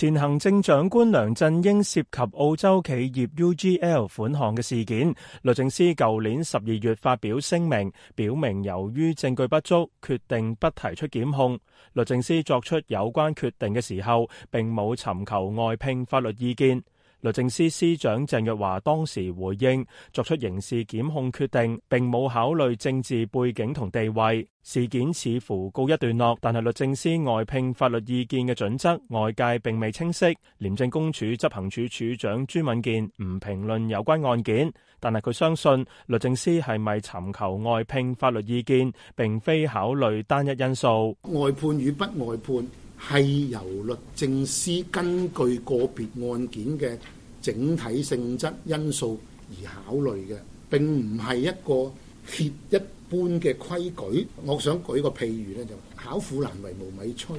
前行政長官梁振英涉及澳洲企業 UGL 款項嘅事件，律政司舊年十二月發表聲明，表明由於證據不足，決定不提出檢控。律政司作出有關決定嘅時候，並冇尋求外聘法律意見。律政司司長鄭若驊當時回應，作出刑事檢控決定，並冇考慮政治背景同地位。事件似乎告一段落，但係律政司外聘法律意見嘅準則，外界並未清晰。廉政公署執行處處長朱敏健唔評論有關案件，但係佢相信律政司係咪尋求外聘法律意見，並非考慮單一因素。外判與不外判，係由律政司根據個別案件嘅整體性質因素而考慮嘅，並唔係一個協一般嘅規矩。我想舉個譬如，咧，就巧婦難為無米炊。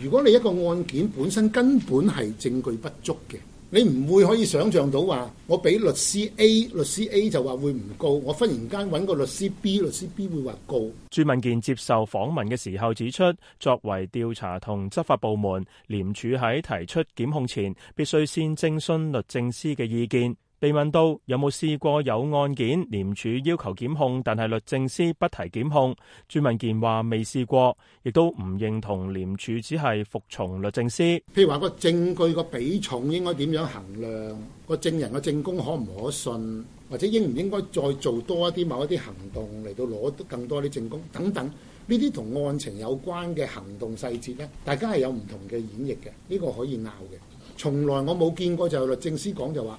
如果你一個案件本身根本係證據不足嘅。你唔會可以想象到話，我俾律師 A，律師 A 就話會唔告，我忽然間揾個律師 B，律師 B 會話告。朱敏健接受訪問嘅時候指出，作為調查同執法部門，廉署喺提出檢控前，必須先徵詢律政司嘅意見。被問到有冇試過有案件廉署要求檢控，但係律政司不提檢控，朱敏健話未試過，亦都唔認同廉署只係服從律政司。譬如話個證據個比重應該點樣衡量，個證人個證供可唔可信，或者應唔應該再做多一啲某一啲行動嚟到攞更多啲證供等等，呢啲同案情有關嘅行動細節呢，大家係有唔同嘅演繹嘅，呢個可以拗嘅。從來我冇見過就律政司講就話。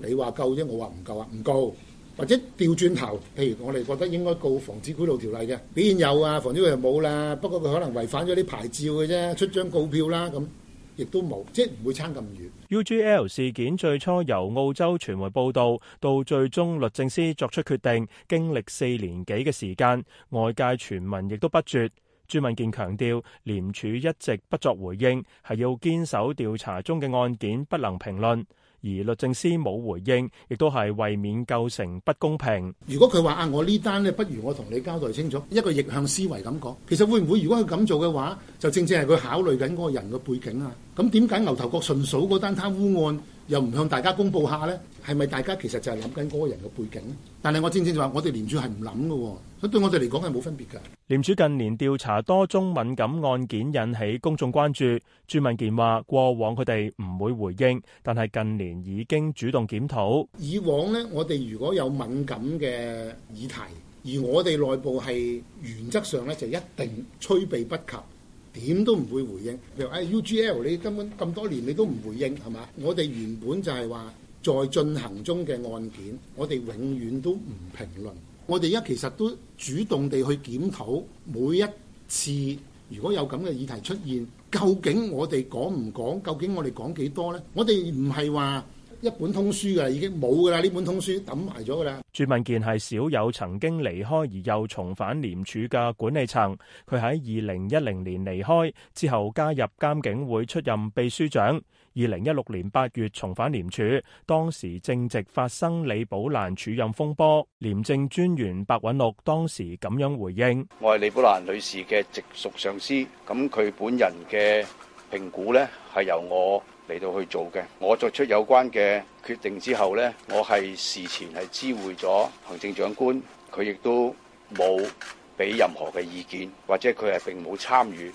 你話夠啫，我話唔夠啊，唔告或者調轉頭，譬如我哋覺得應該告防止賄賂條例嘅，邊有啊？防止賄賂冇啦、啊，不過佢可能違反咗啲牌照嘅啫，出張告票啦，咁亦都冇，即係唔會差咁遠。U G L 事件最初由澳洲傳媒報道，到最終律政司作出決定，經歷四年幾嘅時間，外界傳聞亦都不絕。朱敏健強調，廉署一直不作回應，係要堅守調查中嘅案件，不能評論。而律政司冇回應，亦都係為免構成不公平。如果佢話啊，我呢單呢，不如我同你交代清楚，一個逆向思維感覺。其實會唔會如果佢咁做嘅話，就正正係佢考慮緊嗰個人嘅背景啊？咁點解牛頭角順嫂嗰單貪污案又唔向大家公布一下呢？係咪大家其實就係諗緊嗰個人嘅背景？但係我正正就話，我哋廉署係唔諗嘅，咁對我哋嚟講係冇分別㗎。廉署近年調查多宗敏感案件，引起公眾關注。朱敏健話：過往佢哋唔會回應，但係近年已經主動檢討。以往呢，我哋如果有敏感嘅議題，而我哋內部係原則上咧就一定趨避不及，點都唔會回應。譬如啊，UGL 你根本咁多年你都唔回應係嘛？我哋原本就係話。在進行中嘅案件，我哋永遠都唔評論。我哋而家其實都主動地去檢討每一次，如果有咁嘅議題出現，究竟我哋講唔講？究竟我哋講幾多呢？我哋唔係話。一本通書噶已經冇噶啦，呢本通書抌埋咗噶啦。朱敏健係少有曾經離開而又重返廉署嘅管理層，佢喺二零一零年離開之後加入監警會出任秘書長，二零一六年八月重返廉署，當時正值發生李寶蘭署任風波。廉政專員白韞六當時咁樣回應：我係李寶蘭女士嘅直屬上司，咁佢本人嘅評估呢係由我嚟到去做嘅，我作出有關嘅決定之後咧，我係事前係知會咗行政長官，佢亦都冇俾任何嘅意見或者佢係並冇參與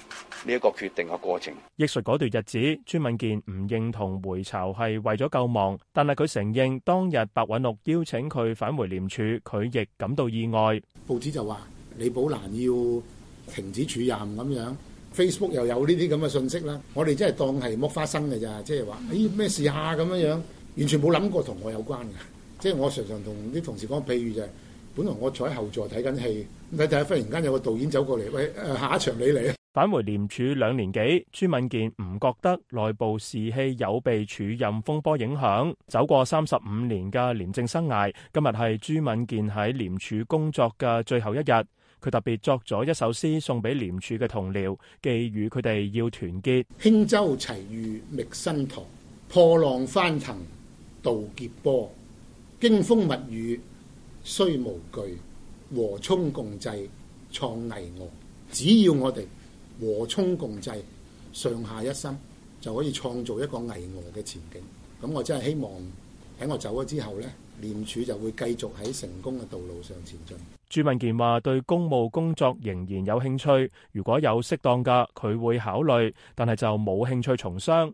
呢一個決定嘅過程。憶述嗰段日子，朱敏健唔認同回巢係為咗救亡，但係佢承認當日白韞六邀請佢返回廉署，佢亦感到意外。報紙就話李寶蘭要停止署任咁樣。Facebook 又有呢啲咁嘅信息啦，我哋真係當係剝花生嘅咋，即係話，哎咩事吓咁樣樣，完全冇諗過同我有關嘅。即係我常常同啲同事講，譬如就係，本來我坐喺後座睇緊戲，咁睇睇下，忽然間有個導演走過嚟，喂，誒下一場你嚟啊。返回廉署兩年幾，朱敏健唔覺得內部士氣有被署任風波影響。走過三十五年嘅廉政生涯，今日係朱敏健喺廉署工作嘅最後一日。佢特別作咗一首詩送俾廉署嘅同僚，寄語佢哋要團結。輕舟齊遇覓新途；破浪翻騰渡劫波。驚風密雨雖無懼，和衷共濟創巍峨。只要我哋和衷共濟，上下一心，就可以創造一個巍峨嘅前景。咁我真係希望喺我走咗之後呢，廉署就會繼續喺成功嘅道路上前進。朱敏健話：對公務工作仍然有興趣，如果有適當噶，佢會考慮，但係就冇興趣從商。